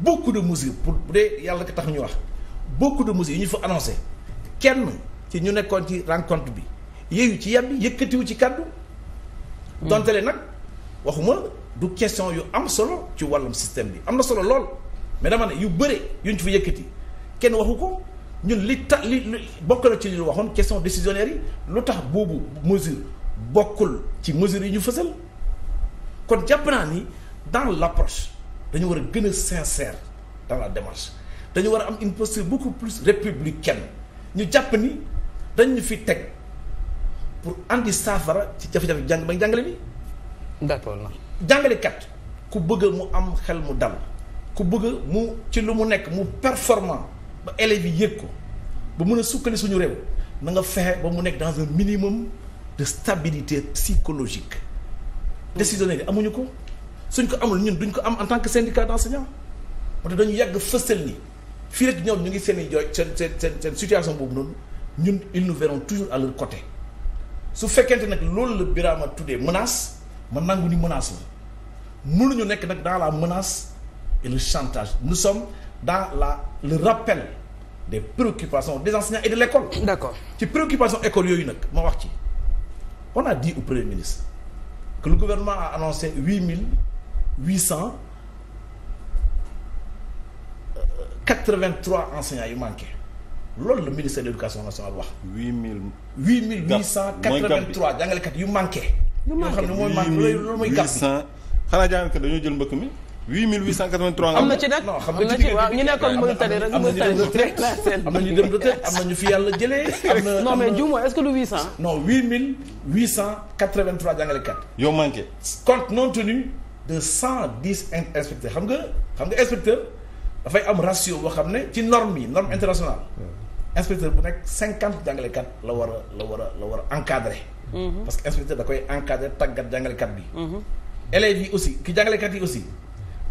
beaucoup de mesures pour bu dee yàlla ko tax ñu wax beaucoup de mesures yi ñu fa annoncé kenn ci ñu nekkoon ci rencontre bi yéeyu ci yàbbi yëkkatiwu ci kàddu hmm. dontale nag waxuma du question yu am solo ci wàllum système bi am na solo lool mais dama ne yu bëre yuñ ci fa yëkkati kenn waxu ko ñun li tax ci li ñu waxoon question décisionnaire yi lu tax boobu mesure bokkul ci mesure yi ñu fësal kon jàpp naa ni dans l'approche dañu war a gën a sincère dans la démarche dañu war a am une posture beaucoup plus républicaine ñu jàpp ni dañu fi teg pour andi saafara ci jafe-jafe jàng ba jàngale bi. d'accord jàngalekat ku bëgg mu am xel mu dal ku bëgg mu ci lu mu nekk mu performant ba élèves yi yëg ko bu mën a sukkali suñu réew na nga fexe ba mu nekk dans un minimum de stabilité psychologique mm. décisionnaire amuñu ko. suñ ko amul ñun duñ ko am en tant que syndicat d'enseignants moo tax dañu yàgg fësal ni fii rek ñu ngi seen i jooy seen seen seen seen boobu noonu ñun ils nous verront toujours à leur côté su fekkente nag loolu la biraam Birama tuddee menace ma nangu ni menace la ñu nekk nag dans la menace et le chantage nous sommes dans la le rappel des préoccupations des enseignants et de l'école d'accord ci préoccupation école yooyu nag ma wax ci on a dit au premier ministre que gouvernement a annoncé huit huit cent quatre-vingt-trois enseignants yu manqué loolu la ministère de l'éducation nationale wax. huit mille. huit mille huit cent quatre-vingt-trois jàngalekat yu manqué. yu manqué xam ne mooy manqué loolu loolu mooy gàpp. xanaa jàngalekat dañoo jël mbëkk mi. 8883. am na ci nag am na ci waaw ñu nekkoon Mauritanie rek Mauritanie rek la seen. am na ñu dem retraite am na ñu fi yàlla jëlee. non mais juumoo est-ce que du 800. non 8883 jàngalekat. yow manqué. compte non tenu. de cent in inspecteurs xam nga xam nga inspecteur dafay am ratio boo xam ne ci norme yi norme internationale inspecteur bu nekk cinquante jàngalekat la war la war a la war a encadré mhm. parce que inspecteur da koy encadre tàggat jàngalekat bi mhm. élèves yi aussi ki jàngalekat yi aussi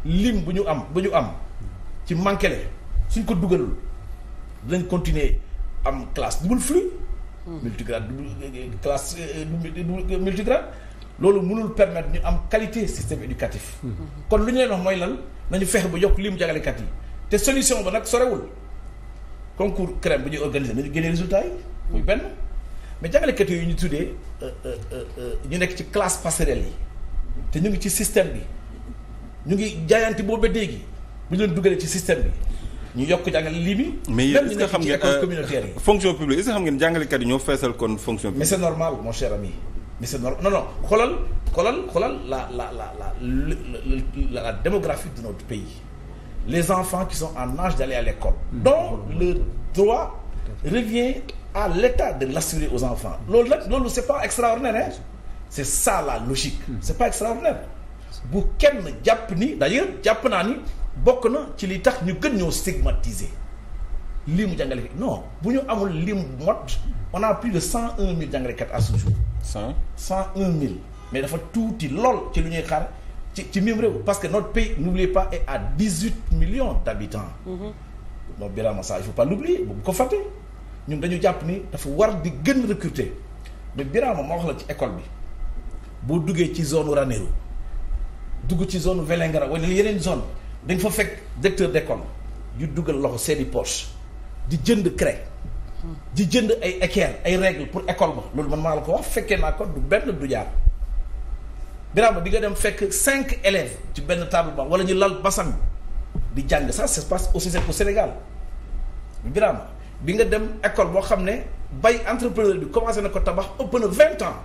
lim bu ñu am bu ñu am ci manqué le suñ ko dugalul dinañ continuer am classe double flux mhm. multigrade double euh, classe euh, euh, double multigrade loolu mënul permettre ñu am qualité système éducatif. kon lu ñu leen wax mooy lan nañu fexe ba yokk limu jàngalekat yi te solution ba nag sorewul concours crème bu ñuy organiser nañu génne résultat yi. muy benn mais jàngalekat yooyu ñu tuddee euh, euh, euh, ñu nekk ci classe passerelle yi te ñu ngi ci système bi ñu ngi jaayanti boobu ba léegi bu ñu leen dugalee ci système bi. ñu yokk jàngale lii bi. mais yéen est-ce que xam ngeen fonction publique est-ce que xam ngeen jàngalekat yi ñoo feesal kon fonction publique. mais c'est normal mais c'est normal non non xoolal xoolal xoolal la la la la la démographie de notre pays les enfants qui sont en âge d'aller à l'école mmh. donc le droit revient à l'état de l'assurer aux enfants loolu nag loolu c'est pas extraordinaire c'est ça la logique mmh. c'est pas extraordinaire bu kenn jàpp ni d'ailleurs jàpp naa ni bokk na ci li tax ñu gën ñoo stigmatiser lii jangale jàngale fi non bu ñu amul lim mot on a plus de cent un mille jàngalekat à ce jour cent cent un mille mais dafa tuuti lool ci lu ñuy xaar ci ci même réew parce que notre pays n'oubliez pas est à dix huit millions d'habitants moom mm-hmm. Birama Sarr il faut pas l'oublier bu ko fàtte ñun dañu jàpp ni dafa war di gën recruter mais Birama ma wax la ci école bi boo duggee ci zone Ranérou dugg ci zone Vélingara wala yeneen zone dañ fa fekk directeur d'école yu dugal loxo seeni poche di jënd craie di jënd ay équerre ay règle pour école ba loolu man maa la ko wax fekkee naa ko du benn du jaar Birama bi nga dem fekk cinq élèves ci benn table ba wala ñu lal basang di jàng sax se passe aussi c'est au Sénégal Birama bi nga dem école boo xam ne bay entrepreneur bi commencé na ko tabax ëpp na vingt ans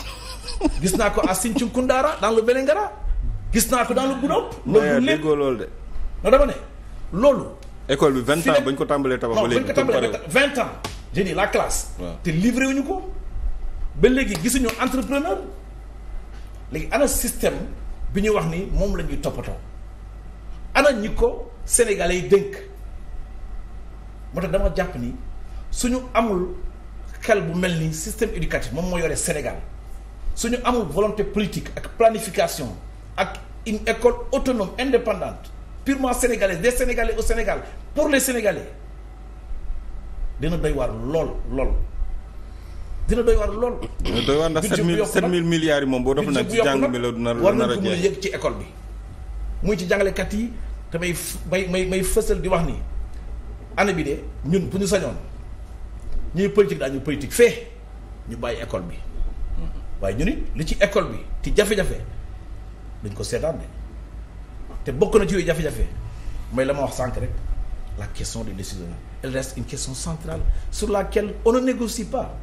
gis naa ko à Sinthioukoundara dans le gara gis naa ko daan le Goudomp loolu lépp loolu de non dama ne loolu école bi vingt ans bañ ko tàmbalee tabax ba léegi vingt ans j'ai dit la classe. te livré wuñu ko. ba léegi gisuñu entrepreneur léegi ana système bi ñu wax ni moom la ñuy toppatoo ana ñi ko sénégalais yi dénk moo tax dama jàpp ni suñu amul xel bu mel ni système éducatif moom moo yore Sénégal suñu amul volonté politique ak planification ak une école autonome indépendante purement sénégalaise des sénégalais au Sénégal pour les sénégalais. dina doy waar lool lool. dina doy waar lool. dina doy waar ndax 7000 7000 milliards yi moom boo defoon nag ci jàng mi la nar war nañ ko mën a yëg ci école bi. muy ci jàngalekat yi te may may may may fësal di wax ni année bi de ñun bu ñu sañoon ñuy politique daañu politique fee ñu bàyyi école bi waaye ñu nit li ci école bi ci jafe-jafe dañ ko seetaan de te bokk na ci yooyu jafe-jafe mooy la ma wax sànq rek. la question des décisionnaires elle reste une question centrale sur laquelle on ne négocie pas